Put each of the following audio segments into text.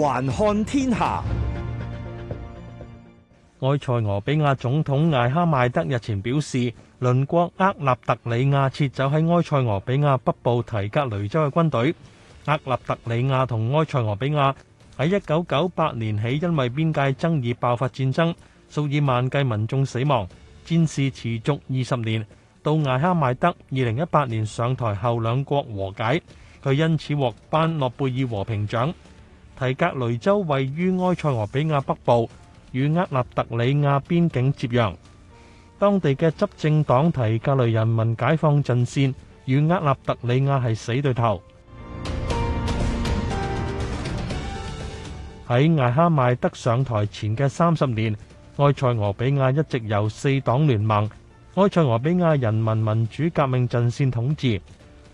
環看天下，埃塞俄比亞總統艾哈邁德日前表示，鄰國厄立特里亞撤走喺埃塞俄比亞北部提格雷州嘅軍隊。厄立特里亞同埃塞俄比亞喺一九九八年起因為邊界爭議爆發戰爭，數以萬計民眾死亡，戰事持續二十年。到艾哈邁德二零一八年上台後，兩國和解。佢因此獲頒諾貝爾和平獎。提格雷州位於埃塞俄比亞北部，與厄立特里亞邊境接壤。當地嘅執政黨提格雷人民解放陣線與厄立特里亞係死對頭。喺艾哈邁德上台前嘅三十年，埃塞俄比亞一直由四黨聯盟埃塞俄比亞人民民主革命陣線統治，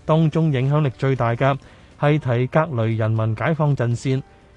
當中影響力最大嘅係提格雷人民解放陣線。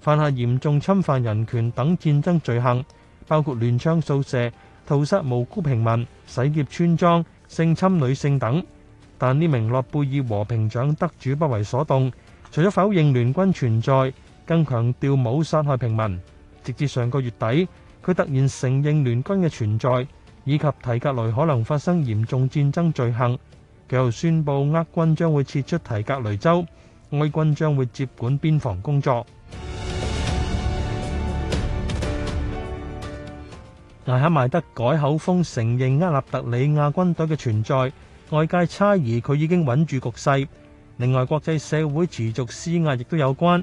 犯下嚴重侵犯人權等戰爭罪行，包括亂槍掃射、屠殺無辜平民、洗劫村莊、性侵女性等。但呢名諾貝爾和平獎得主不為所動，除咗否認聯軍存在，更強調冇殺害平民。直至上個月底，佢突然承認聯軍嘅存在，以及提格雷可能發生嚴重戰爭罪行。佢又宣布厄軍將會撤出提格雷州，埃軍將會接管邊防工作。艾哈邁德改口風，承認厄立特里亞軍隊嘅存在，外界猜疑佢已經穩住局勢。另外，國際社會持續施壓，亦都有關。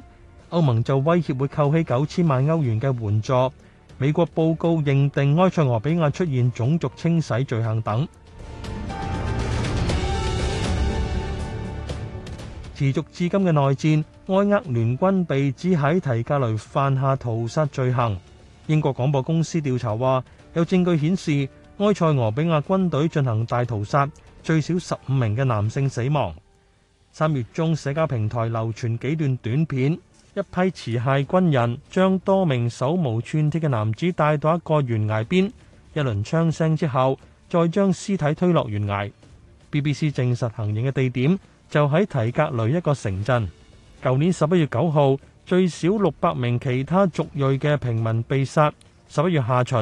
歐盟就威脅會扣起九千萬歐元嘅援助。美國報告認定埃塞俄比亞出現種族清洗罪行等。持續至今嘅內戰，埃厄聯軍被指喺提格雷犯下屠殺罪行。英國廣播公司調查話，有證據顯示埃塞俄比亞軍隊進行大屠殺，最少十五名嘅男性死亡。三月中社交平台流傳幾段短片，一批持械軍人將多名手無寸鐵嘅男子帶到一個懸崖邊，一輪槍聲之後，再將屍體推落懸崖。BBC 證實行刑嘅地點就喺提格雷一個城鎮，舊年十一月九號。最少六百名其他族裔嘅平民被殺。十一月下旬，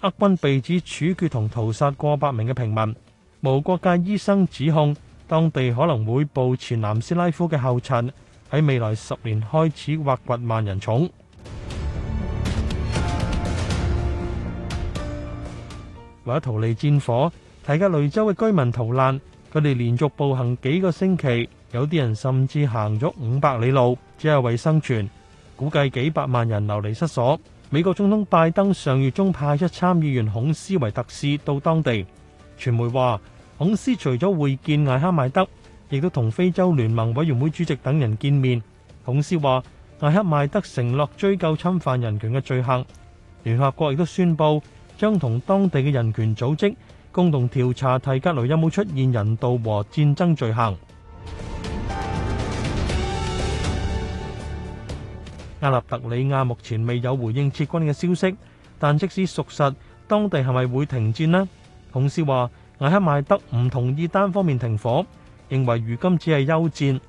厄軍被指處決同屠殺過百名嘅平民。無國界醫生指控，當地可能會步前南斯拉夫嘅後塵，喺未來十年開始挖掘萬人塚。為咗逃離戰火，提格雷州嘅居民逃難，佢哋連續步行幾個星期，有啲人甚至行咗五百里路。只係為生存，估計幾百萬人流離失所。美國總統拜登上月中派出參議員孔斯為特使到當地，傳媒話孔斯除咗會見艾哈邁德，亦都同非洲聯盟委員會主席等人見面。孔斯話艾哈邁德承諾追究侵犯人權嘅罪行，聯合國亦都宣布將同當地嘅人權組織共同調查提格雷有冇出現人道和戰爭罪行。厄立特里亞目前未有回應撤軍嘅消息，但即使屬實，當地係咪會停戰呢？孔斯話：艾哈邁德唔同意單方面停火，認為如今只係休戰，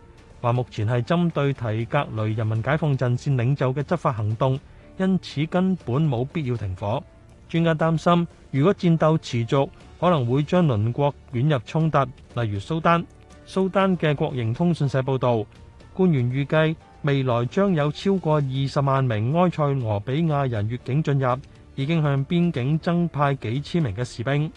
話目前係針對提格雷人民解放陣線領袖嘅執法行動，因此根本冇必要停火。專家擔心，如果戰鬥持續，可能會將鄰國捲入衝突，例如蘇丹。蘇丹嘅國營通訊社報導，官員預計，未來將有超過二十萬名埃塞俄比亞人越境進入，已經向邊境增派幾千名嘅士兵。